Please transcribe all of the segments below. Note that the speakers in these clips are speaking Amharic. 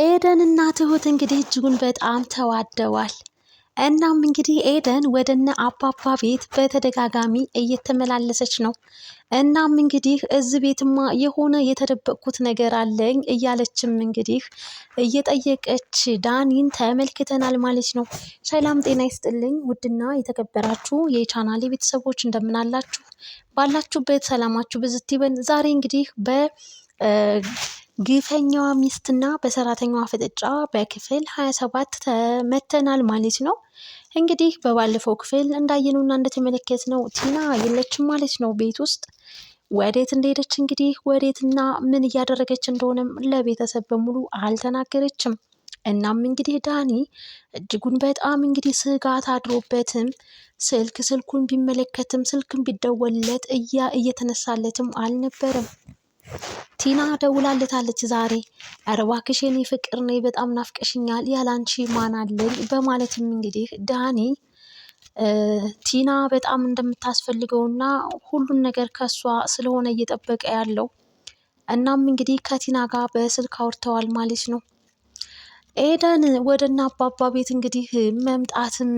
ኤደን እና ትሁት እንግዲህ እጅጉን በጣም ተዋደዋል። እናም እንግዲህ ኤደን ወደነ አባባ ቤት በተደጋጋሚ እየተመላለሰች ነው። እናም እንግዲህ እዚ ቤትማ የሆነ የተደበቅኩት ነገር አለኝ እያለችም እንግዲህ እየጠየቀች ዳኒን ተመልክተናል ማለት ነው። ሰላም ጤና ይስጥልኝ ውድና የተከበራችሁ የቻናሌ ቤተሰቦች እንደምናላችሁ ባላችሁበት ሰላማችሁ ብዝት ይበን። ዛሬ እንግዲህ በ ግፈኛዋ ሚስትና በሰራተኛዋ ፍጥጫ በክፍል 27 ተመተናል ማለት ነው። እንግዲህ በባለፈው ክፍል እንዳየነውና እንደተመለከትነው ቲና የለችም ማለት ነው ቤት ውስጥ ወዴት እንደሄደች እንግዲህ ወዴትና ምን እያደረገች እንደሆነም ለቤተሰብ በሙሉ አልተናገረችም። እናም እንግዲህ ዳኒ እጅጉን በጣም እንግዲህ ስጋት አድሮበትም ስልክ ስልኩን ቢመለከትም ስልክን ቢደወልለት እያ እየተነሳለትም አልነበረም። ቲና ደውላልታለች ዛሬ። ኧረ እባክሽ የኔ ፍቅር ነይ፣ በጣም ናፍቀሽኛል፣ ያላንቺ ማን አለኝ በማለትም እንግዲህ ዳኒ ቲና በጣም እንደምታስፈልገውና ሁሉን ነገር ከሷ ስለሆነ እየጠበቀ ያለው እናም እንግዲህ ከቲና ጋር በስልክ አውርተዋል ማለት ነው። ኤደን ወደ እና አባባ ቤት እንግዲህ መምጣትም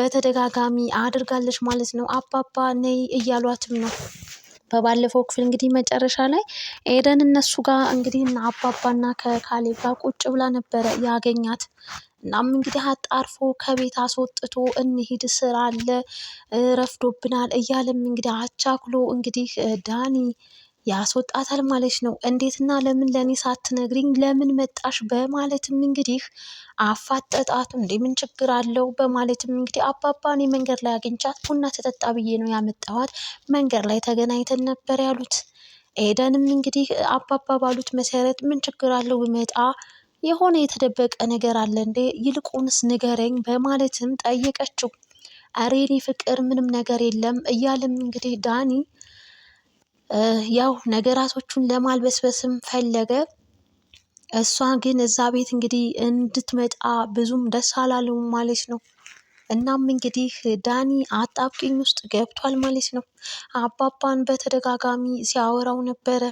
በተደጋጋሚ አድርጋለች ማለት ነው። አባባ ነይ እያሏትም ነው በባለፈው ክፍል እንግዲህ መጨረሻ ላይ ኤደን እነሱ ጋር እንግዲህ እና አባባና ከካሌብ ጋር ቁጭ ብላ ነበረ ያገኛት። እናም እንግዲህ አጣርፎ ከቤት አስወጥቶ እንሂድ ስራ አለ ረፍዶብናል እያለም እንግዲህ አቻክሎ እንግዲህ ዳኒ ያስወጣታል ማለት ነው። እንዴትና ለምን ለእኔ ሳትነግሪኝ ለምን መጣሽ? በማለትም እንግዲህ አፋጠጣት። እንዴ ምን ችግር አለው? በማለትም እንግዲህ አባባ እኔ መንገድ ላይ አግኝቻት ቡና ተጠጣ ብዬ ነው ያመጣኋት፣ መንገድ ላይ ተገናኝተን ነበር ያሉት። ኤደንም እንግዲህ አባባ ባሉት መሰረት ምን ችግር አለው ብመጣ የሆነ የተደበቀ ነገር አለ እንዴ? ይልቁንስ ንገረኝ በማለትም ጠየቀችው። አሬኔ ፍቅር ምንም ነገር የለም እያለም እንግዲህ ዳኒ ያው ነገራቶቹን ለማልበስበስም ፈለገ። እሷ ግን እዛ ቤት እንግዲህ እንድትመጣ ብዙም ደስ አላለውም ማለት ነው። እናም እንግዲህ ዳኒ አጣብቂኝ ውስጥ ገብቷል ማለት ነው። አባባን በተደጋጋሚ ሲያወራው ነበረ።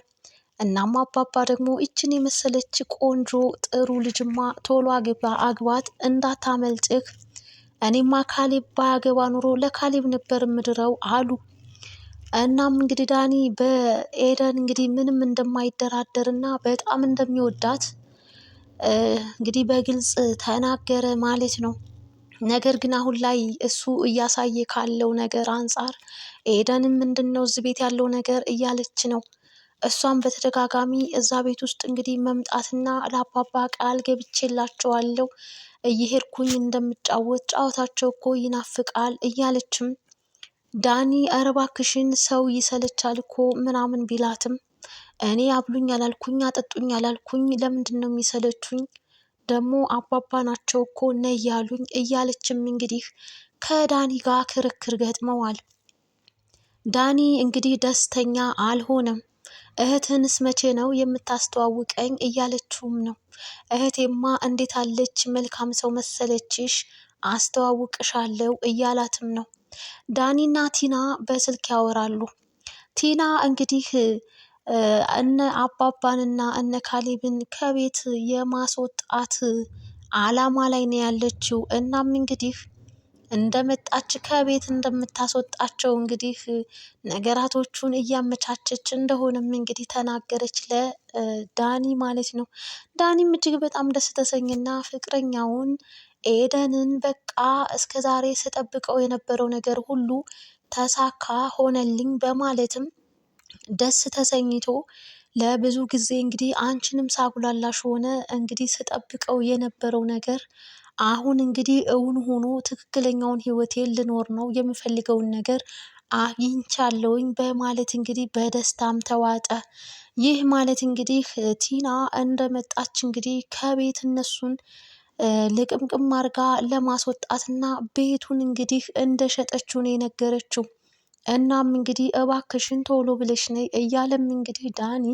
እናም አባባ ደግሞ ይችን የመሰለች ቆንጆ ጥሩ ልጅማ ቶሎ አግባ አግባት እንዳታመልጥህ፣ እኔማ ካሌብ ባያገባ ኑሮ ለካሌብ ነበር ምድረው አሉ እናም እንግዲህ ዳኒ በኤደን እንግዲህ ምንም እንደማይደራደርና በጣም እንደሚወዳት እንግዲህ በግልጽ ተናገረ ማለት ነው። ነገር ግን አሁን ላይ እሱ እያሳየ ካለው ነገር አንጻር ኤደንም ምንድን ነው እዚህ ቤት ያለው ነገር እያለች ነው። እሷም በተደጋጋሚ እዛ ቤት ውስጥ እንግዲህ መምጣትና ለአባባ ቃል ገብቼላቸዋለሁ እየሄድኩኝ እንደምጫወት ጫወታቸው እኮ ይናፍቃል እያለችም ዳኒ ኧረ እባክሽን ሰው ይሰለቻል እኮ ምናምን ቢላትም እኔ አብሉኝ አላልኩኝ አጠጡኝ አላልኩኝ ለምንድን ነው የሚሰለቹኝ? ደግሞ አባባ ናቸው እኮ እነ እያሉኝ እያለችም እንግዲህ ከዳኒ ጋር ክርክር ገጥመዋል። ዳኒ እንግዲህ ደስተኛ አልሆነም። እህትንስ መቼ ነው የምታስተዋውቀኝ? እያለችውም ነው። እህቴማ እንዴት አለች? መልካም ሰው መሰለችሽ አስተዋውቅሻለሁ እያላትም ነው። ዳኒና ቲና በስልክ ያወራሉ። ቲና እንግዲህ እነ አባባንና እነ ካሌብን ከቤት የማስወጣት አላማ ላይ ነው ያለችው። እናም እንግዲህ እንደመጣች ከቤት እንደምታስወጣቸው እንግዲህ ነገራቶቹን እያመቻቸች እንደሆነም እንግዲህ ተናገረች ለዳኒ ማለት ነው። ዳኒም እጅግ በጣም ደስ ተሰኝና ፍቅረኛውን ኤደንን በቃ እስከ ዛሬ ስጠብቀው የነበረው ነገር ሁሉ ተሳካ ሆነልኝ በማለትም ደስ ተሰኝቶ ለብዙ ጊዜ እንግዲህ አንቺንም ሳጉላላሽ ሆነ እንግዲህ ስጠብቀው የነበረው ነገር አሁን እንግዲህ እውን ሆኖ ትክክለኛውን ህይወት ልኖር ነው የምፈልገውን ነገር አግኝቻለውኝ በማለት እንግዲህ በደስታም ተዋጠ። ይህ ማለት እንግዲህ ቲና እንደመጣች እንግዲህ ከቤት እነሱን ልቅምቅም አርጋ ለማስወጣትና ቤቱን እንግዲህ እንደሸጠችው ነው የነገረችው። እናም እንግዲህ እባክሽን ቶሎ ብለሽ ነይ እያለም እንግዲህ ዳኒ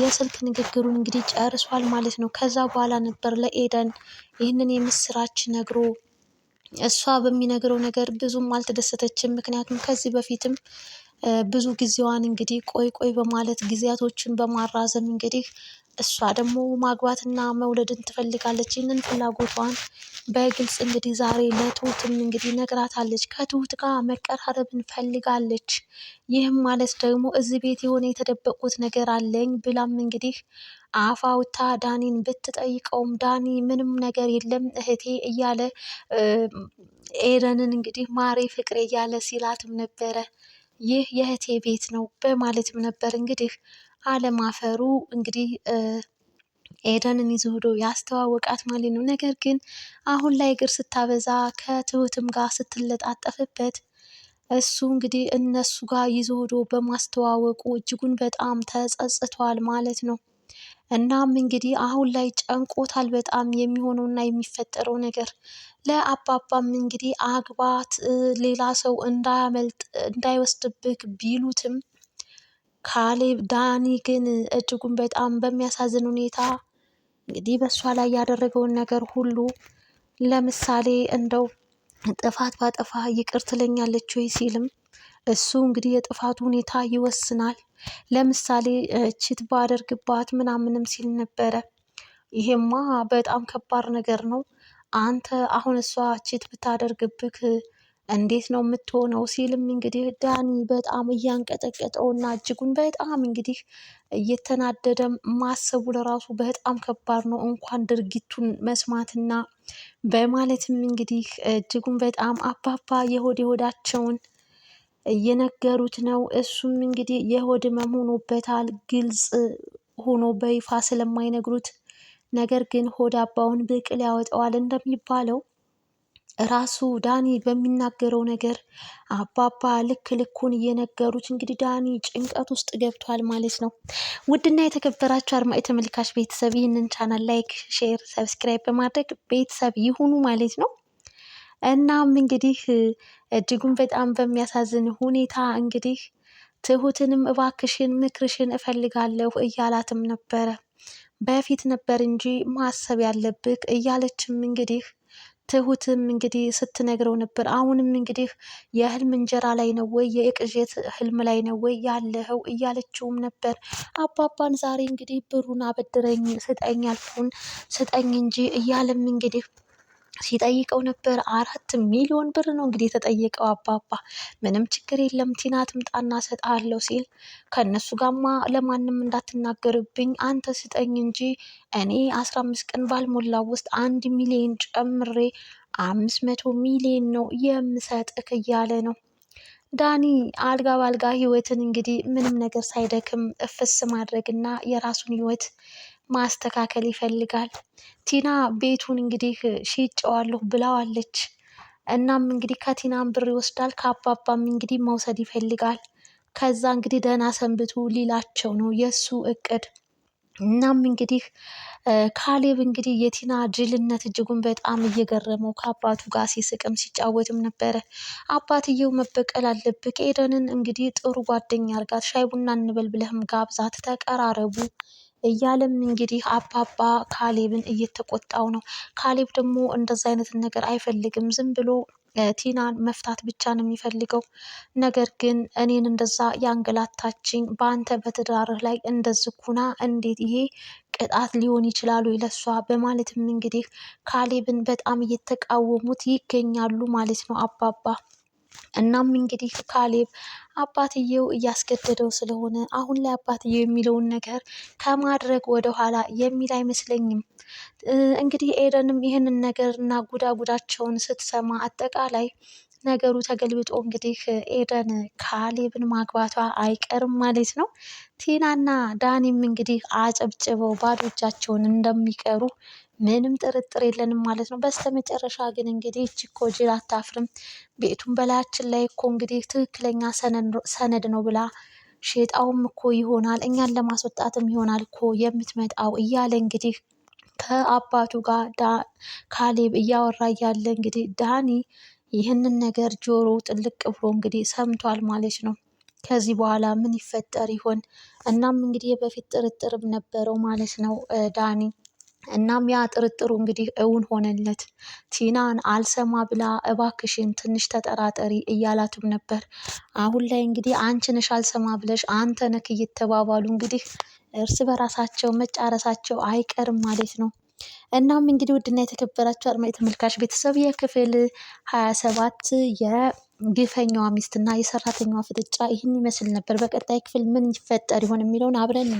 የስልክ ንግግሩን እንግዲህ ጨርሷል ማለት ነው። ከዛ በኋላ ነበር ለኤደን ይህንን የምስራች ነግሮ እሷ በሚነግረው ነገር ብዙም አልተደሰተችም። ምክንያቱም ከዚህ በፊትም ብዙ ጊዜዋን እንግዲህ ቆይ ቆይ በማለት ጊዜያቶችን በማራዘም እንግዲህ እሷ ደግሞ ማግባትና መውለድን ትፈልጋለች። ይህንን ፍላጎቷን በግልጽ እንግዲህ ዛሬ ለትሁትም እንግዲህ ነግራታለች። ከትሁት ጋር መቀራረብን ፈልጋለች። ይህም ማለት ደግሞ እዚህ ቤት የሆነ የተደበቁት ነገር አለኝ ብላም እንግዲህ አፋውታ ዳኒን ብትጠይቀውም ዳኒ ምንም ነገር የለም እህቴ እያለ ኤደንን እንግዲህ ማሬ ፍቅሬ እያለ ሲላትም ነበረ። ይህ የእህቴ ቤት ነው በማለትም ነበር እንግዲህ አለማፈሩ እንግዲህ ኤደንን ይዞ ሄዶ ያስተዋወቃት ማለት ነው። ነገር ግን አሁን ላይ እግር ስታበዛ ከትሁትም ጋር ስትለጣጠፍበት እሱ እንግዲህ እነሱ ጋር ይዞ ሄዶ በማስተዋወቁ እጅጉን በጣም ተጸጽቷል ማለት ነው። እናም እንግዲህ አሁን ላይ ጨንቆታል በጣም የሚሆነውና የሚፈጠረው ነገር። ለአባባም እንግዲህ አግባት ሌላ ሰው እንዳያመልጥ እንዳይወስድብህ ቢሉትም ካሌብ ዳኒ ግን እጅጉን በጣም በሚያሳዝን ሁኔታ እንግዲህ በእሷ ላይ ያደረገውን ነገር ሁሉ ለምሳሌ እንደው ጥፋት ባጠፋ ይቅር ትለኛለች ወይ ሲልም እሱ እንግዲህ የጥፋቱ ሁኔታ ይወስናል። ለምሳሌ ችት ባደርግባት ምናምንም ሲል ነበረ። ይሄማ በጣም ከባድ ነገር ነው። አንተ አሁን እሷ ችት ብታደርግብክ እንዴት ነው የምትሆነው? ሲልም እንግዲህ ዳኒ በጣም እያንቀጠቀጠው እና እጅጉን በጣም እንግዲህ እየተናደደ ማሰቡ ለራሱ በጣም ከባድ ነው፣ እንኳን ድርጊቱን መስማትና በማለትም እንግዲህ እጅጉን በጣም አባባ የሆድ የሆዳቸውን እየነገሩት ነው። እሱም እንግዲህ የሆድ ህመም ሆኖበታል። ግልጽ ሆኖ በይፋ ስለማይነግሩት ነገር ግን ሆድ አባውን ብቅ ያወጣዋል እንደሚባለው ራሱ ዳኒ በሚናገረው ነገር አባባ ልክ ልኩን እየነገሩት እንግዲህ ዳኒ ጭንቀት ውስጥ ገብቷል ማለት ነው። ውድና የተከበራችሁ አድማጭ ተመልካች ቤተሰብ ይህንን ቻናል ላይክ፣ ሼር፣ ሰብስክራይብ በማድረግ ቤተሰብ ይሁኑ ማለት ነው። እናም እንግዲህ እጅጉን በጣም በሚያሳዝን ሁኔታ እንግዲህ ትሁትንም እባክሽን ምክርሽን እፈልጋለሁ እያላትም ነበረ። በፊት ነበር እንጂ ማሰብ ያለብህ እያለችም እንግዲህ ትሁትም እንግዲህ ስትነግረው ነበር። አሁንም እንግዲህ የህልም እንጀራ ላይ ነው ወይ የቅዠት ህልም ላይ ነው ወይ ያለኸው እያለችውም ነበር። አባባን ዛሬ እንግዲህ ብሩን አበድረኝ ስጠኝ ያልኩህን ስጠኝ እንጂ እያለም እንግዲህ ሲጠይቀው ነበር። አራት ሚሊዮን ብር ነው እንግዲህ የተጠየቀው አባባ። ምንም ችግር የለም ቲና ትምጣና ሰጣለሁ ሲል ከእነሱ ጋማ ለማንም እንዳትናገርብኝ አንተ ስጠኝ እንጂ እኔ አስራ አምስት ቀን ባልሞላ ውስጥ አንድ ሚሊዮን ጨምሬ አምስት መቶ ሚሊዮን ነው የምሰጥክ እያለ ነው። ዳኒ አልጋ ባልጋ ህይወትን እንግዲህ ምንም ነገር ሳይደክም እፍስ ማድረግና የራሱን ህይወት ማስተካከል ይፈልጋል። ቲና ቤቱን እንግዲህ ሽጬዋለሁ ብላዋለች። እናም እንግዲህ ከቲናም ብር ይወስዳል ከአባባም እንግዲህ መውሰድ ይፈልጋል። ከዛ እንግዲህ ደህና ሰንብቱ ሊላቸው ነው የእሱ እቅድ። እናም እንግዲህ ካሌብ እንግዲህ የቲና ጅልነት እጅጉን በጣም እየገረመው ከአባቱ ጋር ሲስቅም ሲጫወትም ነበረ። አባትየው መበቀል አለብህ ኤደንን እንግዲህ ጥሩ ጓደኛ አርጋት ሻይ ቡና እንበል ብለህም ጋብዛት ተቀራረቡ እያለም እንግዲህ አባባ ካሌብን እየተቆጣው ነው። ካሌብ ደግሞ እንደዛ አይነትን ነገር አይፈልግም። ዝም ብሎ ቲናን መፍታት ብቻ ነው የሚፈልገው። ነገር ግን እኔን እንደዛ ያንገላታችኝ በአንተ በትዳርህ ላይ እንደዝኩና እንዴት ይሄ ቅጣት ሊሆን ይችላሉ ይለሷ በማለትም እንግዲህ ካሌብን በጣም እየተቃወሙት ይገኛሉ ማለት ነው አባባ እናም እንግዲህ ካሌብ አባትየው እያስገደደው ስለሆነ አሁን ላይ አባትየው የሚለውን ነገር ከማድረግ ወደኋላ የሚል አይመስለኝም። እንግዲህ ኤደንም ይህንን ነገር እና ጉዳጉዳቸውን ስትሰማ አጠቃላይ ነገሩ ተገልብጦ እንግዲህ ኤደን ካሌብን ማግባቷ አይቀርም ማለት ነው። ቲናና ዳኒም እንግዲህ አጨብጭበው ባዶ እጃቸውን እንደሚቀሩ ምንም ጥርጥር የለንም ማለት ነው። በስተመጨረሻ ግን እንግዲህ እች እኮ ጅል አታፍርም፣ ቤቱን በላያችን ላይ እኮ እንግዲህ ትክክለኛ ሰነድ ነው ብላ ሼጣውም እኮ ይሆናል እኛን ለማስወጣትም ይሆናል እኮ የምትመጣው እያለ እንግዲህ ከአባቱ ጋር ካሌብ እያወራ እያለ እንግዲህ ዳኒ ይህንን ነገር ጆሮ ጥልቅ ብሎ እንግዲህ ሰምቷል ማለት ነው። ከዚህ በኋላ ምን ይፈጠር ይሆን? እናም እንግዲህ የበፊት ጥርጥርም ነበረው ማለት ነው ዳኒ። እናም ያ ጥርጥሩ እንግዲህ እውን ሆነለት። ቲናን አልሰማ ብላ እባክሽን ትንሽ ተጠራጠሪ እያላትም ነበር። አሁን ላይ እንግዲህ አንቺ ነሽ አልሰማ ብለሽ አንተ ነክ እየተባባሉ እንግዲህ እርስ በራሳቸው መጫረሳቸው አይቀርም ማለት ነው። እናም እንግዲህ ውድና የተከበራችሁ አድማጭ ተመልካች ቤተሰብ የክፍል ሀያ ሰባት የግፈኛዋ ሚስትና የሰራተኛዋ ፍጥጫ ይህን ይመስል ነበር። በቀጣይ ክፍል ምን ይፈጠር ይሆን የሚለውን አብረን